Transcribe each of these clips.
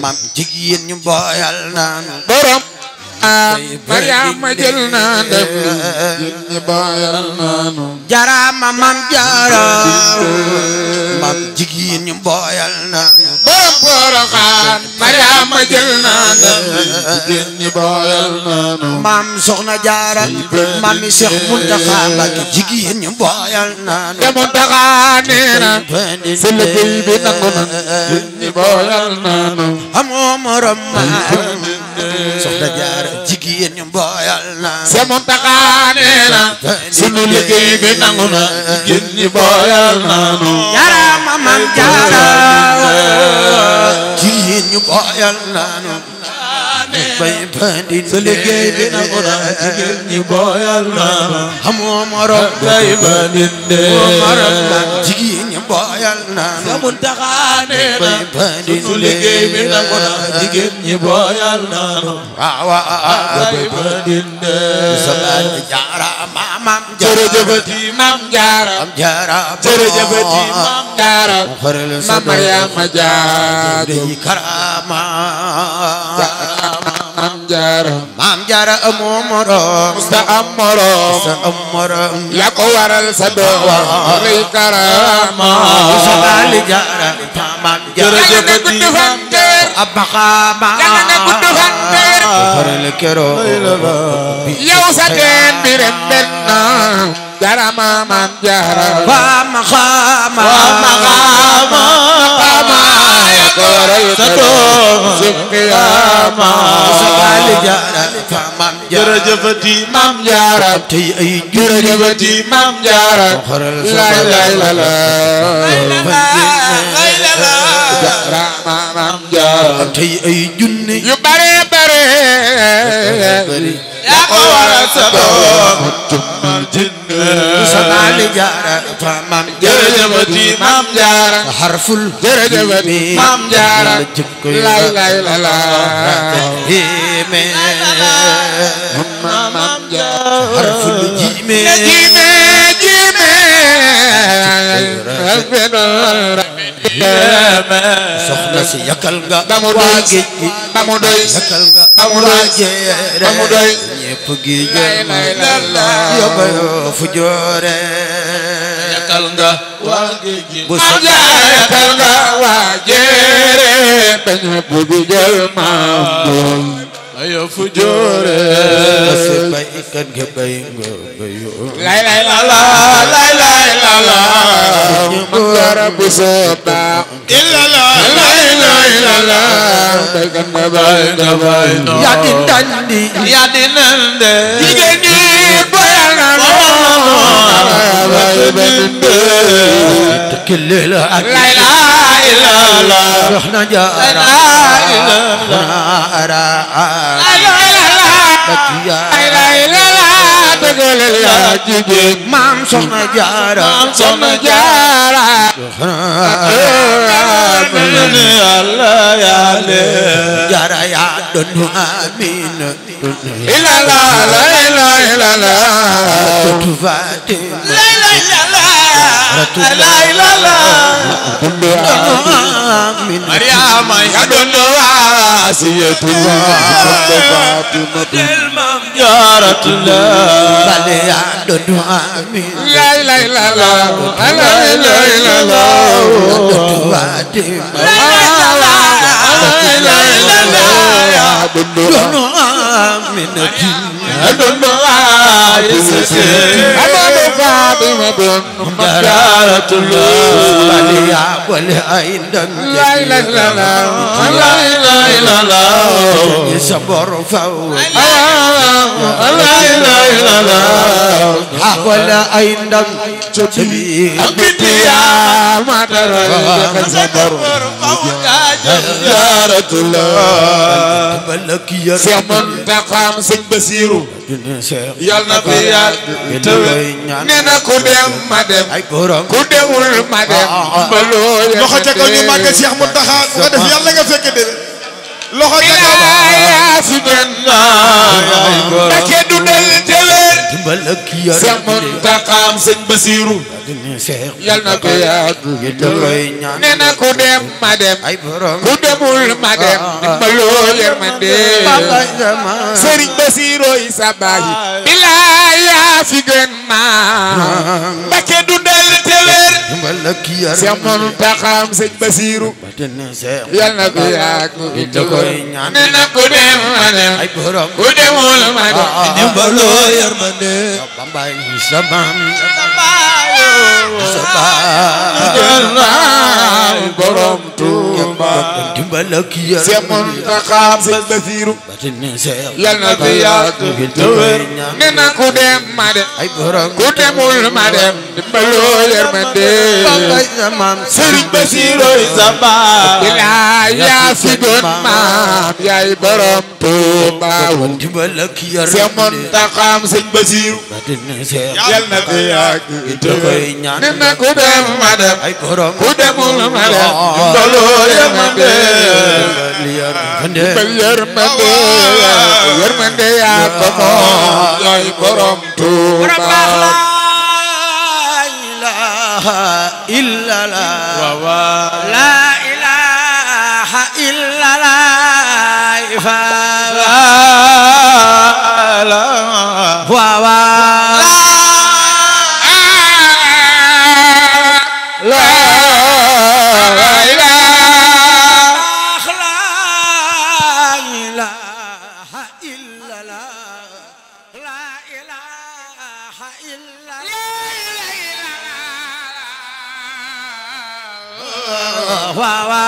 maam jigéen ñu booyal naanu borom Mariama jël naa mam jaara mam jigéen ñu booyal ñi booyal naanu mam soxna jaara mami Seex Muntaxa Mbàkke jigéen ñu booyal naanu te Muntaxa nee na si liggéey ñi booyal naanu amoo morom maa soxna jaara jigéen ñu booyal na sa Muntaxa nee na sunu liggéey bi nangu na jigéen ñi booyal naanu jaara mamam jaara jigéen ñu booyal naanu bay bandin sa liggéey bi nangu na jigéen ñi booyal naanu amoo morom bay bandin de morom jigéen booyal naan sa muntaxaa nee na sunu liggéey bi nangu na jigéen ñi booyal naan waawaay ba dinde sa baay jaara maamam jërëjëfati maam jaara jërëjëfati maam jaara maam Mariama jaara karama jaara maam jaara amoo morom musta am morom musta am morom la ko waral sa doom lay karama musta ali jaara maam jaara abakama yàlla na gudd fan teer faral keroog yow sa teen bi ren benn jaara maam jaara wa ma xaama wa ma xaama jërëjëfati maam jaara tey ay jërëjëfati maam jaara lay lay la la jaara maam jaara tey ay junni yu bare bare yaa ko waral sa doom Soxna Jaara fa maam jërëjëfati maam Jaara harful jërëjëfati maam Jaara la la la maam Jaara harful jiime na si yakal nga waa géej gi yakal nga waa jeere ñépp gi jël na la yóbbu fu joore yakal nga waa géej gi bu sa yakal nga waa jeere ba ñépp gi jël maam doom ayo fu joore si bay kan nga bay nga bayo lay lay la la lay lay la la ñu bu sa baa illa la yaa di dandi yaa di nande jigéen ñi bayana la ak layla ilala soxna jaara ara ara layla ilala bëggalel yaa jigéen maam soxna jaara maam soxna jaara yàlla yàlla jaara yaa doon amiin ila la la ila ila la tu fatim la ila ila la ila ila la doon amiin mariama yaa doon عاسية فاطمة جارة لا بل يعد دعامي لا لا لا لا لا لا لا لا فاطمة لا لا لا لا يعد دعامي يعد دعامي فاطمة صبر فوق لا اله الا الله حول ايندم تدبير بديا ما ترى صبر فوق jaratullah balak ya Seex Muntaxa Sëñ Basiru yal na fi yàlla tawee nee na ku dem ma dem ku demul ma dem ba looy loxo balak ya Cheikh Basiru yal na ko yaatu ku dem ma dem ku demul ma dem ah, ah, ah. dimbaloo yërmande sëriñ Basiru yi sa baay bilaa yaa fi Cheikh Mouhamadou Taxaam sëñ Basiiru yal na ko yàgg itte koy ñaan na ku dem ma dem ku demul ma ko dimbaloo yar ma de dimbalak ya Seex Muntaxa Seex Basiru yal na fi yàgg te wér nee na ku dem ma dem ku demul ma dem dimbaloo yërmande Serigne Basiru sa baay yaa fi doon maam yaay borom Tuuba woon dimbalak yar se mon taxam sëñ Basiru yal na fi yàgg te koy ñaan ne na ku dem ma dem ay borom ku demul ma dem ndoloo yërmande dimbal yërmande yërmande yaa ko moom yaay borom Tuuba la ilaha illallah la la la la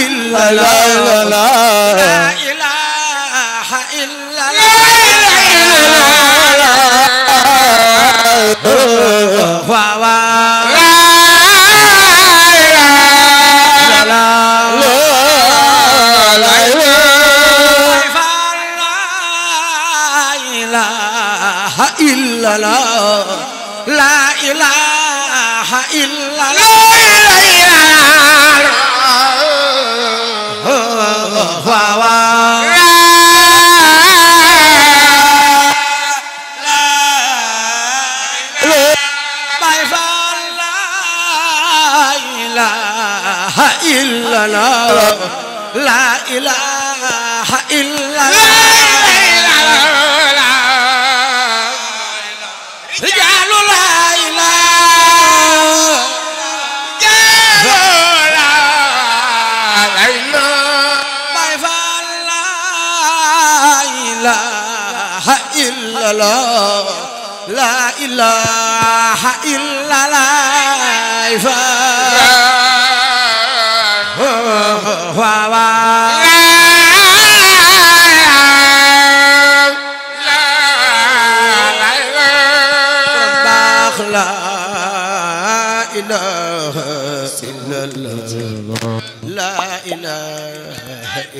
ilaha illa la wa wa illallah la ilaha illallah إلا لا لا إله إلا الله la la ilaha illa la fa wa wa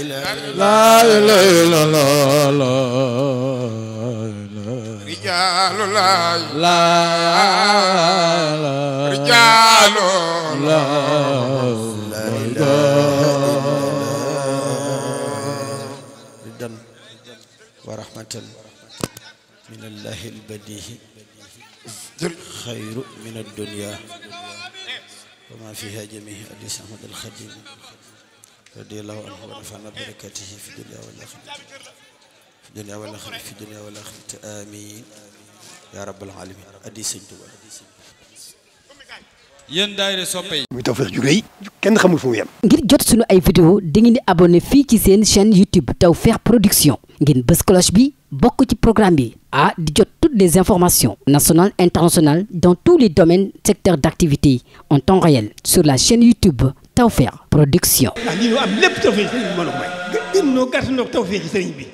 la la la la لا لا رجال لا ردا ورحمة من الله البديه خير من الدنيا وما فيها جميع أديس أحمد الخديم رضي الله عنه ونفعنا بركاته في الدنيا والآخرة في الدنيا والآخرة في الدنيا والآخرة آمين yaa rabbal alamin addi sëñ Tuubaa yéen daayira soppe yi muy Tawfekh ju rëy kenn xamul fu mu ngir jot sunu ay vidéo dangeen di abonné fii ci seen chaîne YouTube Tawfekh Production ngeen bës cloche bi bokk ci programme bi ah di jot toutes des informations nationale internationales dans tous les domaines secteurs d'activité en temps réel sur la chaîne YouTube Tawfekh Production. ah